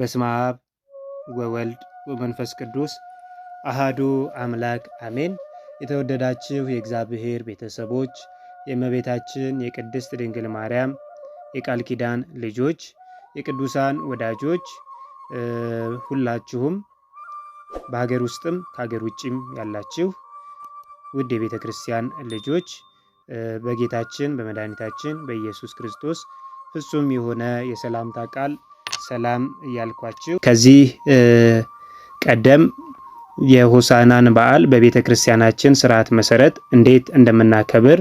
በስመ አብ ወወልድ ወመንፈስ ቅዱስ አሃዱ አምላክ አሜን። የተወደዳችሁ የእግዚአብሔር ቤተሰቦች፣ የእመቤታችን የቅድስት ድንግል ማርያም የቃል ኪዳን ልጆች፣ የቅዱሳን ወዳጆች ሁላችሁም በሀገር ውስጥም ከሀገር ውጭም ያላችሁ ውድ የቤተ ክርስቲያን ልጆች በጌታችን በመድኃኒታችን በኢየሱስ ክርስቶስ ፍጹም የሆነ የሰላምታ ቃል ሰላም እያልኳችሁ ከዚህ ቀደም የሆሳናን በዓል በቤተ ክርስቲያናችን ስርዓት መሰረት እንዴት እንደምናከብር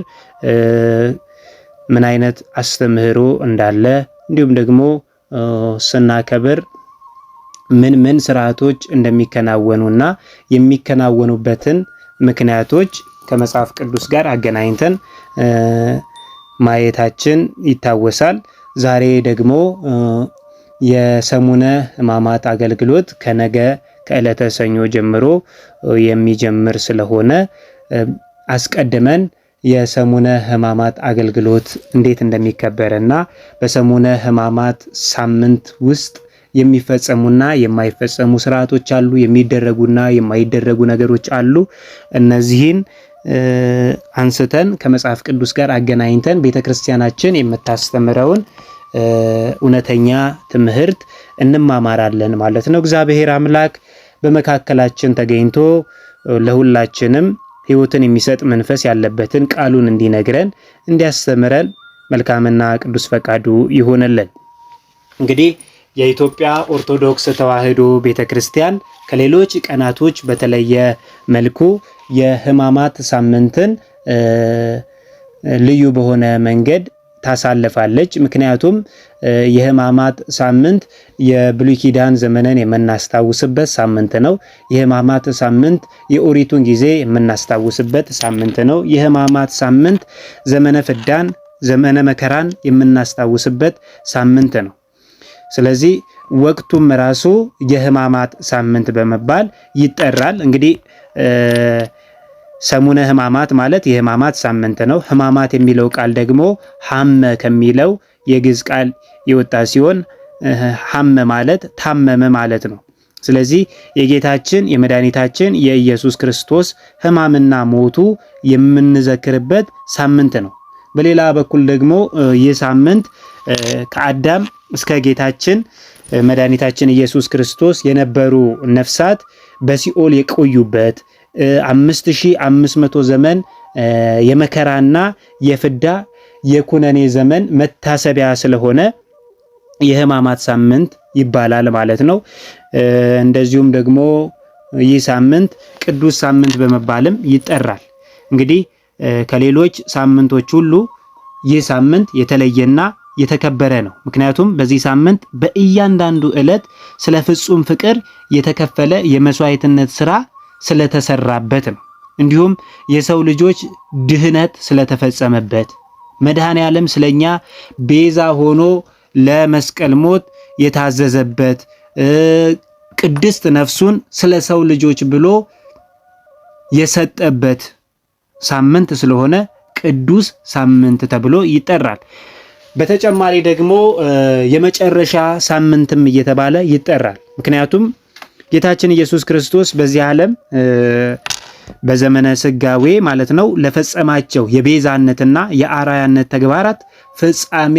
ምን አይነት አስተምህሮ እንዳለ እንዲሁም ደግሞ ስናከብር ምን ምን ስርዓቶች እንደሚከናወኑና የሚከናወኑበትን ምክንያቶች ከመጽሐፍ ቅዱስ ጋር አገናኝተን ማየታችን ይታወሳል። ዛሬ ደግሞ የሰሙነ ሕማማት አገልግሎት ከነገ ከዕለተ ሰኞ ጀምሮ የሚጀምር ስለሆነ አስቀድመን የሰሙነ ሕማማት አገልግሎት እንዴት እንደሚከበርና በሰሙነ ሕማማት ሳምንት ውስጥ የሚፈጸሙና የማይፈጸሙ ስርዓቶች አሉ፣ የሚደረጉና የማይደረጉ ነገሮች አሉ። እነዚህን አንስተን ከመጽሐፍ ቅዱስ ጋር አገናኝተን ቤተ ክርስቲያናችን የምታስተምረውን እውነተኛ ትምህርት እንማማራለን ማለት ነው። እግዚአብሔር አምላክ በመካከላችን ተገኝቶ ለሁላችንም ሕይወትን የሚሰጥ መንፈስ ያለበትን ቃሉን እንዲነግረን እንዲያስተምረን መልካምና ቅዱስ ፈቃዱ ይሆንልን። እንግዲህ የኢትዮጵያ ኦርቶዶክስ ተዋሕዶ ቤተ ክርስቲያን ከሌሎች ቀናቶች በተለየ መልኩ የሕማማት ሳምንትን ልዩ በሆነ መንገድ ታሳልፋለች። ምክንያቱም የሕማማት ሳምንት የብሉይ ኪዳን ዘመንን የምናስታውስበት ሳምንት ነው። የሕማማት ሳምንት የኦሪቱን ጊዜ የምናስታውስበት ሳምንት ነው። የሕማማት ሳምንት ዘመነ ፍዳን፣ ዘመነ መከራን የምናስታውስበት ሳምንት ነው። ስለዚህ ወቅቱም ራሱ የሕማማት ሳምንት በመባል ይጠራል። እንግዲህ ሰሙነ ሕማማት ማለት የሕማማት ሳምንት ነው። ሕማማት የሚለው ቃል ደግሞ ሐመ ከሚለው የግዕዝ ቃል የወጣ ሲሆን ሐመ ማለት ታመመ ማለት ነው። ስለዚህ የጌታችን የመድኃኒታችን የኢየሱስ ክርስቶስ ሕማምና ሞቱ የምንዘክርበት ሳምንት ነው። በሌላ በኩል ደግሞ ይህ ሳምንት ከአዳም እስከ ጌታችን መድኃኒታችን ኢየሱስ ክርስቶስ የነበሩ ነፍሳት በሲኦል የቆዩበት አምስት ሺህ አምስት መቶ ዘመን የመከራና የፍዳ የኩነኔ ዘመን መታሰቢያ ስለሆነ የሕማማት ሳምንት ይባላል ማለት ነው። እንደዚሁም ደግሞ ይህ ሳምንት ቅዱስ ሳምንት በመባልም ይጠራል። እንግዲህ ከሌሎች ሳምንቶች ሁሉ ይህ ሳምንት የተለየና የተከበረ ነው። ምክንያቱም በዚህ ሳምንት በእያንዳንዱ ዕለት ስለ ፍጹም ፍቅር የተከፈለ የመስዋዕትነት ስራ ስለተሰራበት ነው። እንዲሁም የሰው ልጆች ድህነት ስለተፈጸመበት መድኃኔ ዓለም ስለኛ ቤዛ ሆኖ ለመስቀል ሞት የታዘዘበት ቅድስት ነፍሱን ስለ ሰው ልጆች ብሎ የሰጠበት ሳምንት ስለሆነ ቅዱስ ሳምንት ተብሎ ይጠራል። በተጨማሪ ደግሞ የመጨረሻ ሳምንትም እየተባለ ይጠራል። ምክንያቱም ጌታችን ኢየሱስ ክርስቶስ በዚህ ዓለም በዘመነ ስጋዌ ማለት ነው ለፈጸማቸው የቤዛነትና የአራያነት ተግባራት ፍጻሜ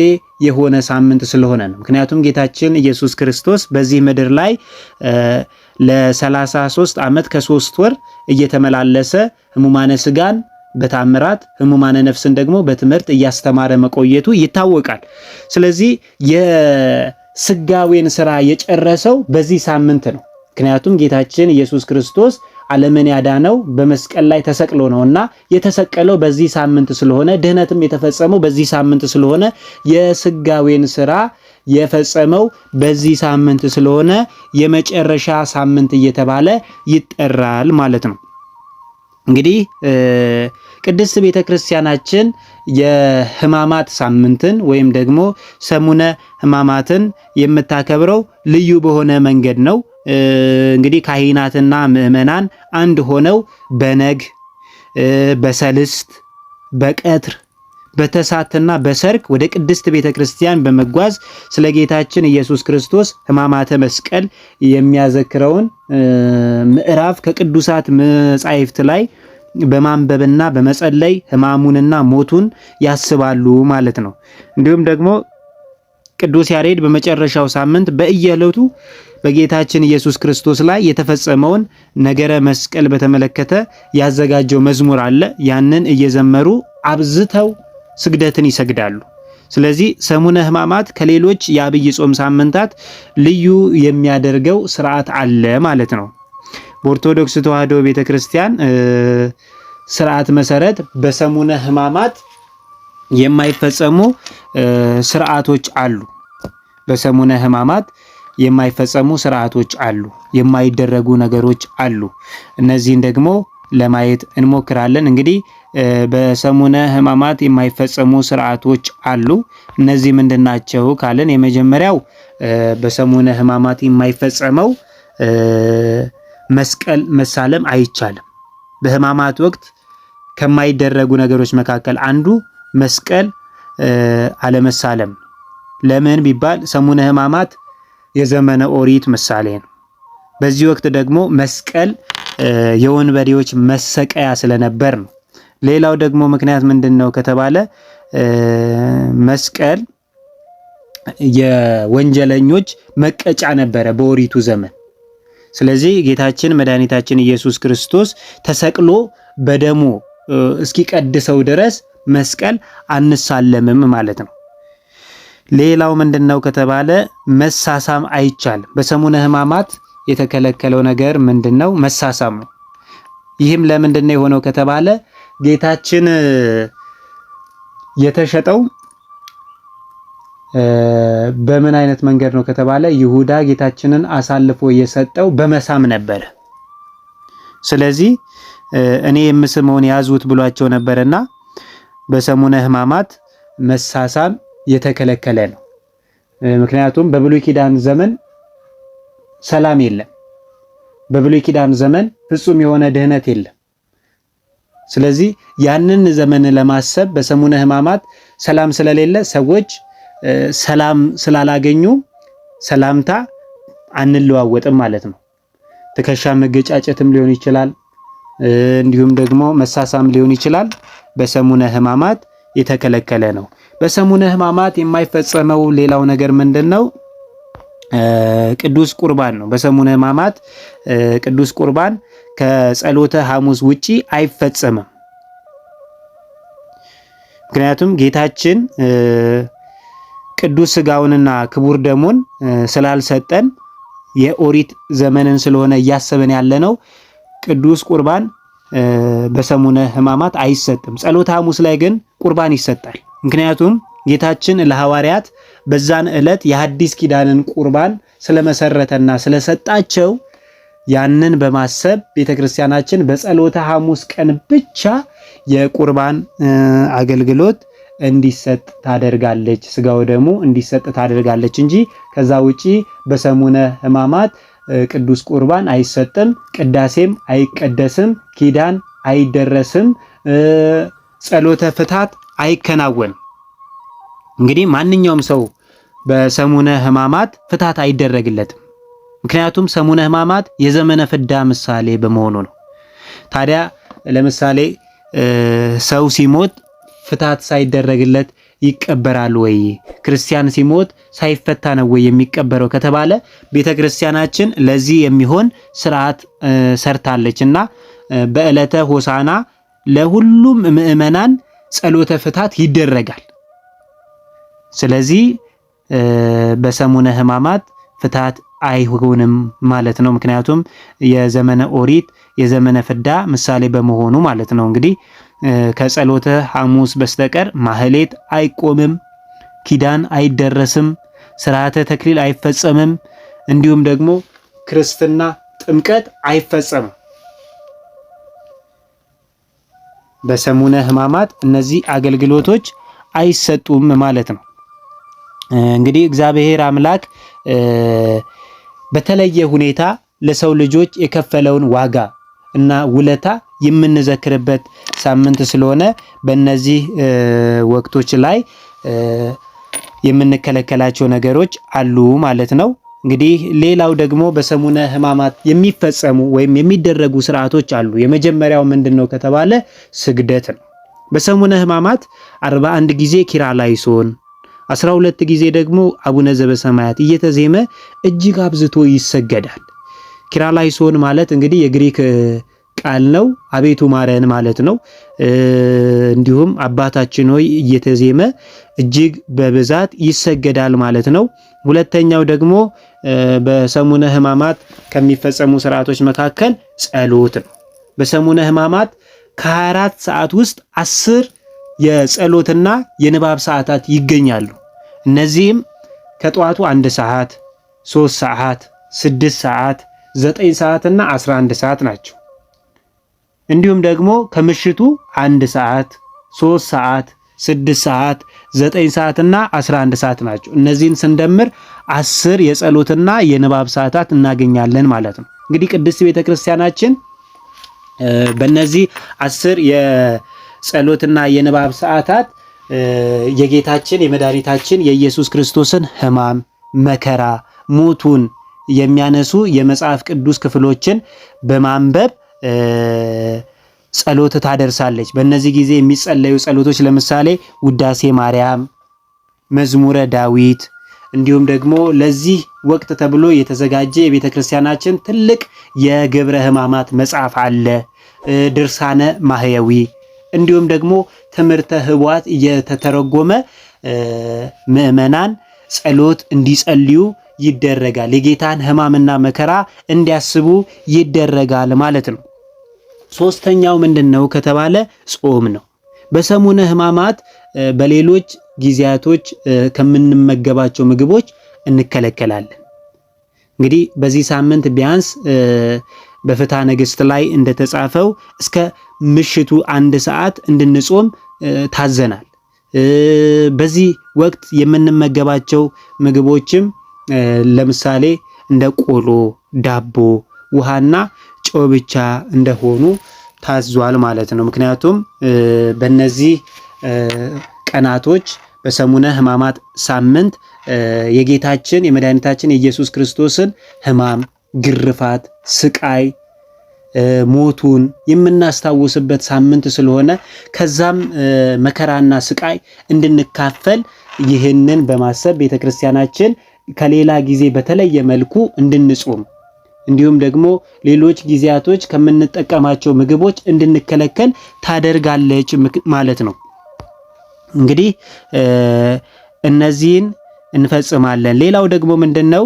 የሆነ ሳምንት ስለሆነ ነው። ምክንያቱም ጌታችን ኢየሱስ ክርስቶስ በዚህ ምድር ላይ ለ33 ዓመት ከሶስት ወር እየተመላለሰ ህሙማነ ስጋን በታምራት ህሙማነ ነፍስን ደግሞ በትምህርት እያስተማረ መቆየቱ ይታወቃል። ስለዚህ የስጋዌን ስራ የጨረሰው በዚህ ሳምንት ነው። ምክንያቱም ጌታችን ኢየሱስ ክርስቶስ ዓለምን ያዳነው በመስቀል ላይ ተሰቅሎ ነውና የተሰቀለው በዚህ ሳምንት ስለሆነ ድህነትም የተፈጸመው በዚህ ሳምንት ስለሆነ የስጋዌን ስራ የፈጸመው በዚህ ሳምንት ስለሆነ የመጨረሻ ሳምንት እየተባለ ይጠራል ማለት ነው። እንግዲህ ቅድስት ቤተ ክርስቲያናችን የሕማማት ሳምንትን ወይም ደግሞ ሰሙነ ሕማማትን የምታከብረው ልዩ በሆነ መንገድ ነው። እንግዲህ ካህናትና ምእመናን አንድ ሆነው በነግ በሰልስት በቀትር በተሳትና በሰርክ ወደ ቅድስት ቤተ ክርስቲያን በመጓዝ ስለ ጌታችን ኢየሱስ ክርስቶስ ሕማማተ መስቀል የሚያዘክረውን ምዕራፍ ከቅዱሳት መጻሕፍት ላይ በማንበብና በመጸለይ ሕማሙንና ሞቱን ያስባሉ ማለት ነው። እንዲሁም ደግሞ ቅዱስ ያሬድ በመጨረሻው ሳምንት በእየለቱ በጌታችን ኢየሱስ ክርስቶስ ላይ የተፈጸመውን ነገረ መስቀል በተመለከተ ያዘጋጀው መዝሙር አለ። ያንን እየዘመሩ አብዝተው ስግደትን ይሰግዳሉ። ስለዚህ ሰሙነ ሕማማት ከሌሎች የአብይ ጾም ሳምንታት ልዩ የሚያደርገው ስርዓት አለ ማለት ነው። በኦርቶዶክስ ተዋሕዶ ቤተክርስቲያን ስርዓት መሰረት በሰሙነ ሕማማት የማይፈጸሙ ስርዓቶች አሉ። በሰሙነ ሕማማት የማይፈጸሙ ስርዓቶች አሉ፣ የማይደረጉ ነገሮች አሉ። እነዚህን ደግሞ ለማየት እንሞክራለን። እንግዲህ በሰሙነ ሕማማት የማይፈጸሙ ስርዓቶች አሉ። እነዚህ ምንድናቸው ካለን የመጀመሪያው በሰሙነ ሕማማት የማይፈጸመው መስቀል መሳለም አይቻልም። በሕማማት ወቅት ከማይደረጉ ነገሮች መካከል አንዱ መስቀል አለመሳለም። ለምን ቢባል ሰሙነ ሕማማት የዘመነ ኦሪት ምሳሌ ነው። በዚህ ወቅት ደግሞ መስቀል የወንበዴዎች መሰቀያ ስለነበር ነው። ሌላው ደግሞ ምክንያት ምንድን ነው ከተባለ መስቀል የወንጀለኞች መቀጫ ነበረ በኦሪቱ ዘመን። ስለዚህ ጌታችን መድኃኒታችን ኢየሱስ ክርስቶስ ተሰቅሎ በደሙ እስኪቀድሰው ድረስ መስቀል አንሳለምም ማለት ነው። ሌላው ምንድነው ከተባለ መሳሳም አይቻልም። በሰሙነ ሕማማት የተከለከለው ነገር ምንድነው? መሳሳም ነው። ይህም ለምንድነው የሆነው ከተባለ ጌታችን የተሸጠው በምን አይነት መንገድ ነው ከተባለ ይሁዳ ጌታችንን አሳልፎ የሰጠው በመሳም ነበረ። ስለዚህ እኔ የምስመውን ያዙት ብሏቸው ነበርና በሰሙነ ሕማማት መሳሳም የተከለከለ ነው። ምክንያቱም በብሉይ ኪዳን ዘመን ሰላም የለም። በብሉይ ኪዳን ዘመን ፍጹም የሆነ ድህነት የለም። ስለዚህ ያንን ዘመን ለማሰብ በሰሙነ ሕማማት ሰላም ስለሌለ ሰዎች ሰላም ስላላገኙ ሰላምታ አንለዋወጥም ማለት ነው። ትከሻ መገጫጨትም ሊሆን ይችላል። እንዲሁም ደግሞ መሳሳም ሊሆን ይችላል። በሰሙነ ሕማማት የተከለከለ ነው። በሰሙነ ሕማማት የማይፈጸመው ሌላው ነገር ምንድን ነው? ቅዱስ ቁርባን ነው። በሰሙነ ሕማማት ቅዱስ ቁርባን ከጸሎተ ሐሙስ ውጪ አይፈጸምም። ምክንያቱም ጌታችን ቅዱስ ስጋውንና ክቡር ደሙን ስላልሰጠን የኦሪት ዘመንን ስለሆነ እያሰብን ያለ ነው። ቅዱስ ቁርባን በሰሙነ ሕማማት አይሰጥም። ጸሎተ ሐሙስ ላይ ግን ቁርባን ይሰጣል። ምክንያቱም ጌታችን ለሐዋርያት በዛን ዕለት የሐዲስ ኪዳንን ቁርባን ስለመሰረተና ስለሰጣቸው ያንን በማሰብ ቤተክርስቲያናችን በጸሎተ ሐሙስ ቀን ብቻ የቁርባን አገልግሎት እንዲሰጥ ታደርጋለች። ስጋው ደግሞ እንዲሰጥ ታደርጋለች እንጂ ከዛ ውጪ በሰሙነ ሕማማት ቅዱስ ቁርባን አይሰጥም፣ ቅዳሴም አይቀደስም፣ ኪዳን አይደረስም፣ ጸሎተ ፍታት አይከናወንም። እንግዲህ ማንኛውም ሰው በሰሙነ ሕማማት ፍታት አይደረግለትም። ምክንያቱም ሰሙነ ሕማማት የዘመነ ፍዳ ምሳሌ በመሆኑ ነው። ታዲያ ለምሳሌ ሰው ሲሞት ፍታት ሳይደረግለት ይቀበራል ወይ? ክርስቲያን ሲሞት ሳይፈታ ነው ወይ የሚቀበረው ከተባለ ቤተ ክርስቲያናችን ለዚህ የሚሆን ስርዓት ሰርታለች እና በዕለተ ሆሳና ለሁሉም ምእመናን ጸሎተ ፍታት ይደረጋል። ስለዚህ በሰሙነ ሕማማት ፍታት አይሆንም ማለት ነው። ምክንያቱም የዘመነ ኦሪት የዘመነ ፍዳ ምሳሌ በመሆኑ ማለት ነው እንግዲህ ከጸሎተ ሐሙስ በስተቀር ማህሌት አይቆምም፣ ኪዳን አይደረስም፣ ስርዓተ ተክሊል አይፈጸምም፣ እንዲሁም ደግሞ ክርስትና ጥምቀት አይፈጸምም። በሰሙነ ሕማማት እነዚህ አገልግሎቶች አይሰጡም ማለት ነው። እንግዲህ እግዚአብሔር አምላክ በተለየ ሁኔታ ለሰው ልጆች የከፈለውን ዋጋ እና ውለታ የምንዘክርበት ሳምንት ስለሆነ በእነዚህ ወቅቶች ላይ የምንከለከላቸው ነገሮች አሉ ማለት ነው። እንግዲህ ሌላው ደግሞ በሰሙነ ሕማማት የሚፈጸሙ ወይም የሚደረጉ ስርዓቶች አሉ። የመጀመሪያው ምንድን ነው ከተባለ ስግደት ነው። በሰሙነ ሕማማት 41 ጊዜ ሲሆን 12 ጊዜ ደግሞ አቡነ ዘበሰማያት እየተዜመ እጅግ አብዝቶ ይሰገዳል። ኪርያላይሶን ማለት እንግዲህ የግሪክ ቃል ነው። አቤቱ ማረን ማለት ነው። እንዲሁም አባታችን ሆይ እየተዜመ እጅግ በብዛት ይሰገዳል ማለት ነው። ሁለተኛው ደግሞ በሰሙነ ሕማማት ከሚፈጸሙ ስርዓቶች መካከል ጸሎት ነው። በሰሙነ ሕማማት ከ24 ሰዓት ውስጥ አስር የጸሎትና የንባብ ሰዓታት ይገኛሉ። እነዚህም ከጠዋቱ አንድ ሰዓት፣ ሶስት ሰዓት፣ ስድስት ሰዓት፣ ዘጠኝ ሰዓትና 11 ሰዓት ናቸው። እንዲሁም ደግሞ ከምሽቱ አንድ ሰዓት፣ ሶስት ሰዓት፣ ስድስት ሰዓት፣ ዘጠኝ ሰዓትና 11 ሰዓት ናቸው። እነዚህን ስንደምር አስር የጸሎትና የንባብ ሰዓታት እናገኛለን ማለት ነው። እንግዲህ ቅድስት ቤተክርስቲያናችን በእነዚህ አስር የጸሎትና የንባብ ሰዓታት የጌታችን የመድኃኒታችን የኢየሱስ ክርስቶስን ሕማም መከራ፣ ሞቱን የሚያነሱ የመጽሐፍ ቅዱስ ክፍሎችን በማንበብ ጸሎት ታደርሳለች። በእነዚህ ጊዜ የሚጸለዩ ጸሎቶች ለምሳሌ ውዳሴ ማርያም፣ መዝሙረ ዳዊት እንዲሁም ደግሞ ለዚህ ወቅት ተብሎ የተዘጋጀ የቤተ ክርስቲያናችን ትልቅ የግብረ ሕማማት መጽሐፍ አለ። ድርሳነ ማህያዊ እንዲሁም ደግሞ ትምህርተ ኅቡዓት እየተተረጎመ ምእመናን ጸሎት እንዲጸልዩ ይደረጋል። የጌታን ሕማምና መከራ እንዲያስቡ ይደረጋል ማለት ነው። ሶስተኛው ምንድን ነው ከተባለ ጾም ነው። በሰሙነ ሕማማት በሌሎች ጊዜያቶች ከምንመገባቸው ምግቦች እንከለከላለን። እንግዲህ በዚህ ሳምንት ቢያንስ በፍትሐ ነገሥት ላይ እንደተጻፈው እስከ ምሽቱ አንድ ሰዓት እንድንጾም ታዘናል። በዚህ ወቅት የምንመገባቸው ምግቦችም ለምሳሌ እንደ ቆሎ፣ ዳቦ፣ ውሃና ጨው ብቻ እንደሆኑ ታዟል ማለት ነው። ምክንያቱም በነዚህ ቀናቶች በሰሙነ ሕማማት ሳምንት የጌታችን የመድኃኒታችን የኢየሱስ ክርስቶስን ሕማም፣ ግርፋት፣ ስቃይ ሞቱን የምናስታውስበት ሳምንት ስለሆነ ከዛም መከራና ስቃይ እንድንካፈል ይህንን በማሰብ ቤተ ክርስቲያናችን ከሌላ ጊዜ በተለየ መልኩ እንድንጾም እንዲሁም ደግሞ ሌሎች ጊዜያቶች ከምንጠቀማቸው ምግቦች እንድንከለከል ታደርጋለች ማለት ነው። እንግዲህ እነዚህን እንፈጽማለን። ሌላው ደግሞ ምንድነው?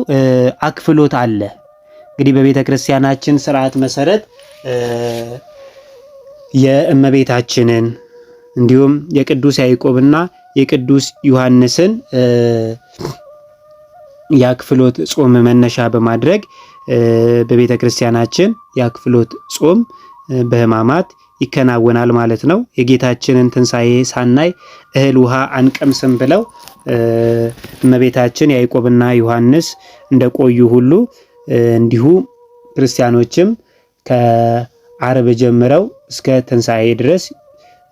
አክፍሎት አለ። እንግዲህ በቤተ ክርስቲያናችን ስርዓት መሰረት የእመቤታችንን እንዲሁም የቅዱስ ያዕቆብና የቅዱስ ዮሐንስን የአክፍሎት ጾም መነሻ በማድረግ በቤተ ክርስቲያናችን የአክፍሎት ጾም በሕማማት ይከናወናል ማለት ነው። የጌታችንን ትንሣኤ ሳናይ እህል ውሃ አንቀምስም ብለው እመቤታችን ያዕቆብና ዮሐንስ እንደቆዩ ሁሉ እንዲሁ ክርስቲያኖችም ከአርብ ጀምረው እስከ ትንሣኤ ድረስ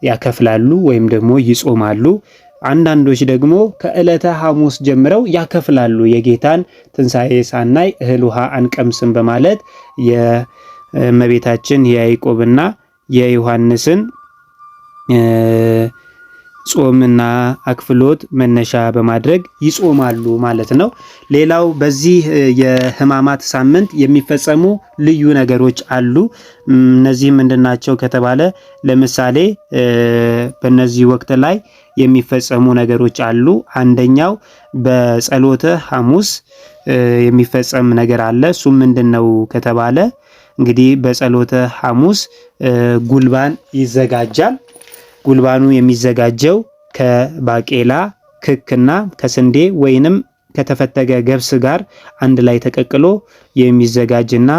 ያከፍላሉ ወይም ደግሞ ይጾማሉ። አንዳንዶች ደግሞ ከዕለተ ሐሙስ ጀምረው ያከፍላሉ። የጌታን ትንሣኤ ሳናይ እህል ውሃ አንቀምስም በማለት የእመቤታችን የያዕቆብና የዮሐንስን ጾምና አክፍሎት መነሻ በማድረግ ይጾማሉ ማለት ነው። ሌላው በዚህ የሕማማት ሳምንት የሚፈጸሙ ልዩ ነገሮች አሉ። እነዚህ ምንድናቸው ከተባለ ለምሳሌ በነዚህ ወቅት ላይ የሚፈጸሙ ነገሮች አሉ። አንደኛው በጸሎተ ሐሙስ የሚፈጸም ነገር አለ። እሱ ምንድን ነው ከተባለ እንግዲህ በጸሎተ ሐሙስ ጉልባን ይዘጋጃል። ጉልባኑ የሚዘጋጀው ከባቄላ ክክና ከስንዴ ወይንም ከተፈተገ ገብስ ጋር አንድ ላይ ተቀቅሎ የሚዘጋጅና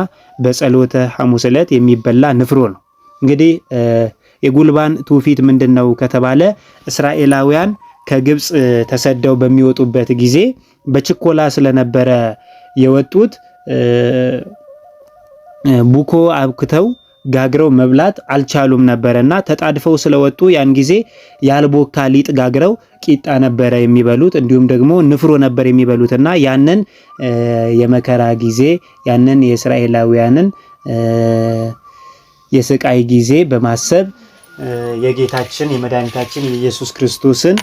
በጸሎተ ሐሙስ ዕለት የሚበላ ንፍሮ ነው። እንግዲህ የጉልባን ትውፊት ምንድን ነው ከተባለ እስራኤላውያን ከግብፅ ተሰደው በሚወጡበት ጊዜ በችኮላ ስለነበረ የወጡት ቡኮ አብክተው ጋግረው መብላት አልቻሉም እና ተጣድፈው ስለወጡ ያን ጊዜ ያልቦካ ሊጥ ጋግረው ቂጣ ነበረ የሚበሉት። እንዲሁም ደግሞ ንፍሮ ነበር የሚበሉትና ያንን የመከራ ጊዜ ያንን የእስራኤላውያንን የስቃይ ጊዜ በማሰብ የጌታችን የመድኃኒታችን የኢየሱስ ክርስቶስን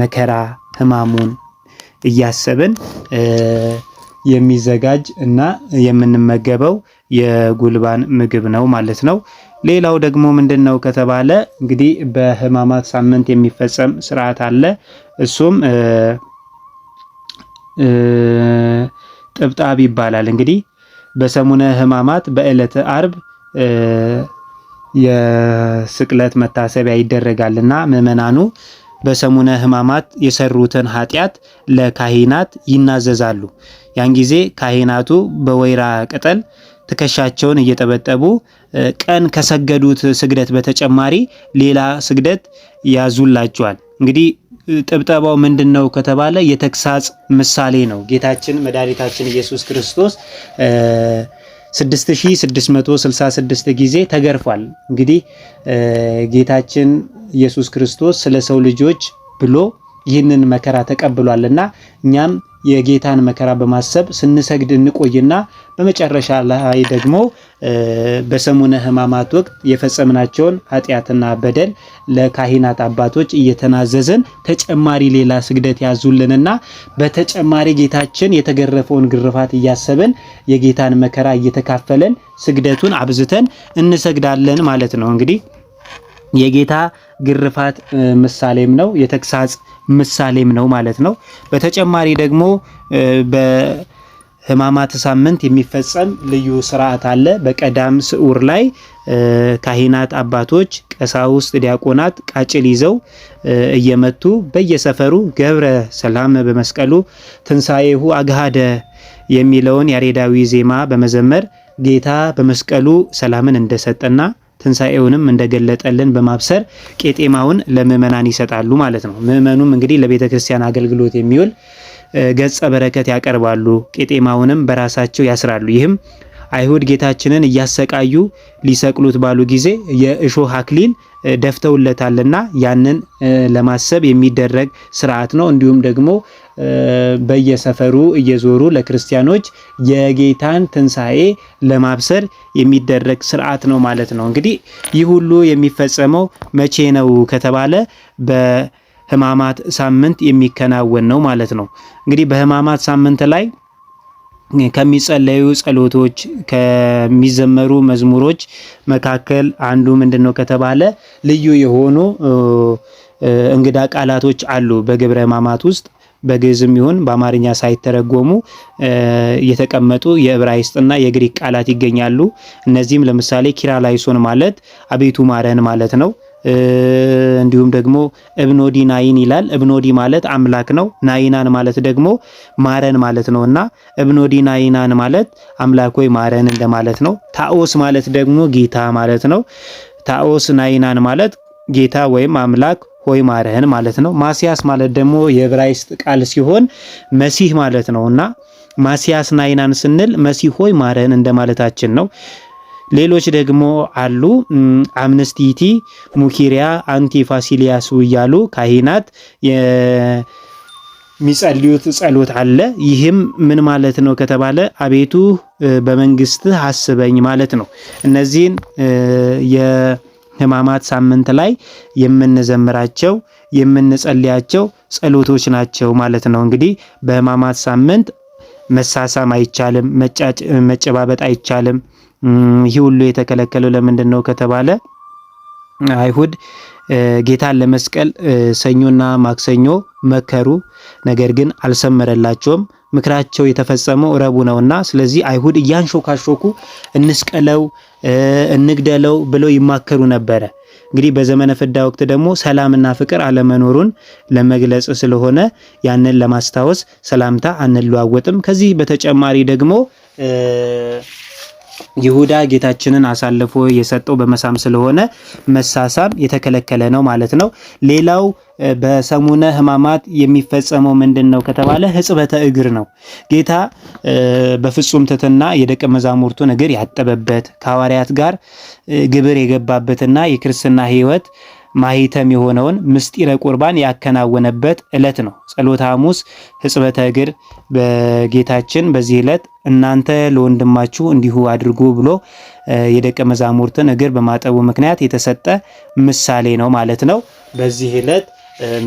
መከራ ሕማሙን እያሰብን የሚዘጋጅ እና የምንመገበው የጉልባን ምግብ ነው ማለት ነው። ሌላው ደግሞ ምንድን ነው ከተባለ እንግዲህ በሕማማት ሳምንት የሚፈጸም ስርዓት አለ። እሱም ጥብጣብ ይባላል። እንግዲህ በሰሙነ ሕማማት በዕለተ አርብ የስቅለት መታሰቢያ ይደረጋልና ምእመናኑ በሰሙነ ሕማማት የሰሩትን ኃጢአት ለካህናት ይናዘዛሉ። ያን ጊዜ ካህናቱ በወይራ ቅጠል ትከሻቸውን እየጠበጠቡ ቀን ከሰገዱት ስግደት በተጨማሪ ሌላ ስግደት ያዙላቸዋል። እንግዲህ ጥብጠባው ምንድን ነው ከተባለ የተግሳጽ ምሳሌ ነው። ጌታችን መድኃኒታችን ኢየሱስ ክርስቶስ 6666 ጊዜ ተገርፏል። እንግዲህ ጌታችን ኢየሱስ ክርስቶስ ስለ ሰው ልጆች ብሎ ይህንን መከራ ተቀብሏልና እኛም የጌታን መከራ በማሰብ ስንሰግድ እንቆይና በመጨረሻ ላይ ደግሞ በሰሙነ ሕማማት ወቅት የፈጸምናቸውን ኃጢአትና በደል ለካህናት አባቶች እየተናዘዝን ተጨማሪ ሌላ ስግደት ያዙልንና በተጨማሪ ጌታችን የተገረፈውን ግርፋት እያሰብን የጌታን መከራ እየተካፈለን ስግደቱን አብዝተን እንሰግዳለን ማለት ነው። እንግዲህ የጌታ ግርፋት ምሳሌም ነው የተግሳጽ ምሳሌም ነው ማለት ነው። በተጨማሪ ደግሞ በሕማማት ሳምንት የሚፈጸም ልዩ ስርዓት አለ። በቀዳም ስዑር ላይ ካህናት አባቶች፣ ቀሳውስት፣ ዲያቆናት ቃጭል ይዘው እየመቱ በየሰፈሩ ገብረ ሰላም በመስቀሉ ትንሣኤሁ አግሃደ የሚለውን ያሬዳዊ ዜማ በመዘመር ጌታ በመስቀሉ ሰላምን እንደሰጠና ትንሣኤውንም እንደገለጠልን በማብሰር ቄጤማውን ለምእመናን ይሰጣሉ ማለት ነው። ምእመኑም እንግዲህ ለቤተ ክርስቲያን አገልግሎት የሚውል ገጸ በረከት ያቀርባሉ። ቄጤማውንም በራሳቸው ያስራሉ። ይህም አይሁድ ጌታችንን እያሰቃዩ ሊሰቅሉት ባሉ ጊዜ የእሾህ አክሊል ደፍተውለታልና ያንን ለማሰብ የሚደረግ ስርዓት ነው። እንዲሁም ደግሞ በየሰፈሩ እየዞሩ ለክርስቲያኖች የጌታን ትንሣኤ ለማብሰር የሚደረግ ስርዓት ነው ማለት ነው። እንግዲህ ይህ ሁሉ የሚፈጸመው መቼ ነው ከተባለ በሕማማት ሳምንት የሚከናወን ነው ማለት ነው። እንግዲህ በሕማማት ሳምንት ላይ ከሚጸለዩ ጸሎቶች ከሚዘመሩ መዝሙሮች መካከል አንዱ ምንድን ነው ከተባለ ልዩ የሆኑ እንግዳ ቃላቶች አሉ በግብረ ሕማማት ውስጥ በግዕዝም ይሁን በአማርኛ ሳይተረጎሙ የተቀመጡ የዕብራይስጥና የግሪክ ቃላት ይገኛሉ። እነዚህም ለምሳሌ ኪራላይሶን ማለት አቤቱ ማረን ማለት ነው። እንዲሁም ደግሞ እብኖዲ ናይን ይላል። እብኖዲ ማለት አምላክ ነው። ናይናን ማለት ደግሞ ማረን ማለት ነው እና እብኖዲ ናይናን ማለት አምላክ ወይ ማረን እንደማለት ነው። ታኦስ ማለት ደግሞ ጌታ ማለት ነው። ታኦስ ናይናን ማለት ጌታ ወይም አምላክ ሆይ ማረህን ማለት ነው። ማሲያስ ማለት ደግሞ የዕብራይስጥ ቃል ሲሆን መሲህ ማለት ነው እና ማሲያስ ናይናን ስንል መሲህ ሆይ ማረህን እንደማለታችን ነው። ሌሎች ደግሞ አሉ። አምነስቲቲ፣ ሙኪሪያ፣ አንቲ ፋሲሊያሱ እያሉ ካህናት የሚጸልዩት ጸሎት አለ። ይህም ምን ማለት ነው ከተባለ አቤቱ በመንግስትህ አስበኝ ማለት ነው። እነዚህን ሕማማት ሳምንት ላይ የምንዘምራቸው የምንጸልያቸው ጸሎቶች ናቸው ማለት ነው። እንግዲህ በሕማማት ሳምንት መሳሳም አይቻልም፣ መጨባበጥ አይቻልም። ይህ ሁሉ የተከለከለው ለምንድን ነው ከተባለ አይሁድ ጌታን ለመስቀል ሰኞና ማክሰኞ መከሩ፣ ነገር ግን አልሰመረላቸውም። ምክራቸው የተፈጸመው ረቡዕ ነውና፣ ስለዚህ አይሁድ እያንሾካሾኩ እንስቀለው፣ እንግደለው ብለው ይማከሩ ነበረ። እንግዲህ በዘመነ ፍዳ ወቅት ደግሞ ሰላምና ፍቅር አለመኖሩን ለመግለጽ ስለሆነ ያንን ለማስታወስ ሰላምታ አንለዋወጥም። ከዚህ በተጨማሪ ደግሞ ይሁዳ ጌታችንን አሳልፎ የሰጠው በመሳም ስለሆነ መሳሳም የተከለከለ ነው ማለት ነው። ሌላው በሰሙነ ሕማማት የሚፈጸመው ምንድን ነው ከተባለ ሕጽበተ እግር ነው። ጌታ በፍጹም ትሕትና የደቀ መዛሙርቱን እግር ያጠበበት ከሐዋርያት ጋር ግብር የገባበትና የክርስትና ሕይወት ማህተም የሆነውን ምስጢረ ቁርባን ያከናወነበት ዕለት ነው። ጸሎተ ሐሙስ ሕጽበተ እግር በጌታችን በዚህ ዕለት እናንተ ለወንድማችሁ እንዲሁ አድርጉ ብሎ የደቀ መዛሙርትን እግር በማጠቡ ምክንያት የተሰጠ ምሳሌ ነው ማለት ነው። በዚህ ዕለት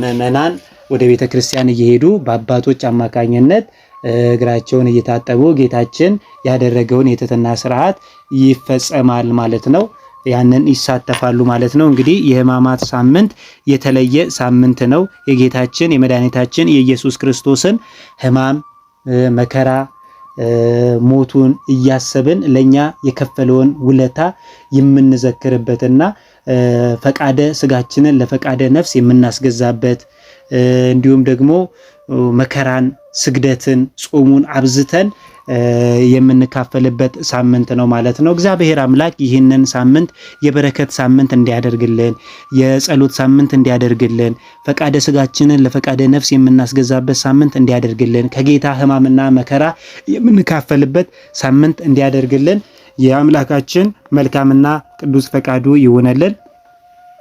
ምእመናን ወደ ቤተ ክርስቲያን እየሄዱ በአባቶች አማካኝነት እግራቸውን እየታጠቡ ጌታችን ያደረገውን የትህትና ስርዓት ይፈጸማል ማለት ነው። ያንን ይሳተፋሉ ማለት ነው። እንግዲህ የሕማማት ሳምንት የተለየ ሳምንት ነው። የጌታችን የመድኃኒታችን የኢየሱስ ክርስቶስን ሕማም መከራ ሞቱን እያሰብን ለእኛ የከፈለውን ውለታ የምንዘክርበትና ፈቃደ ስጋችንን ለፈቃደ ነፍስ የምናስገዛበት እንዲሁም ደግሞ መከራን፣ ስግደትን፣ ጾሙን አብዝተን የምንካፈልበት ሳምንት ነው ማለት ነው። እግዚአብሔር አምላክ ይህንን ሳምንት የበረከት ሳምንት እንዲያደርግልን፣ የጸሎት ሳምንት እንዲያደርግልን፣ ፈቃደ ስጋችንን ለፈቃደ ነፍስ የምናስገዛበት ሳምንት እንዲያደርግልን፣ ከጌታ ሕማምና መከራ የምንካፈልበት ሳምንት እንዲያደርግልን የአምላካችን መልካምና ቅዱስ ፈቃዱ ይሆነልን።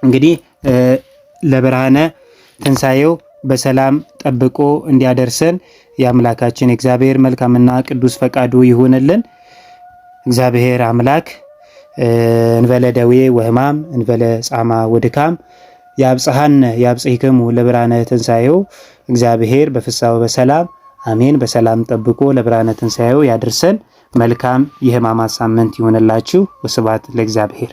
እንግዲህ ለብርሃነ ትንሣኤው በሰላም ጠብቆ እንዲያደርሰን የአምላካችን እግዚአብሔር መልካምና ቅዱስ ፈቃዱ ይሆነልን። እግዚአብሔር አምላክ እንበለ ደዌ ወህማም እንበለ ጻማ ወድካም ያብጽሐነ ያብጽሕክሙ ለብርሃነ ትንሣኤው እግዚአብሔር በፍሳው በሰላም አሜን። በሰላም ጠብቆ ለብርሃነ ትንሣኤው ያድርሰን። መልካም የሕማማት ሳምንት ይሆንላችሁ። ወስብሐት ለእግዚአብሔር።